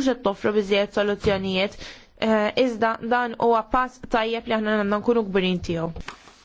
mhux qed toffru biżjed soluzzjonijiet eh, iżda dan huwa pass tajjeb li aħna għandna nkunu gburin tiegħu.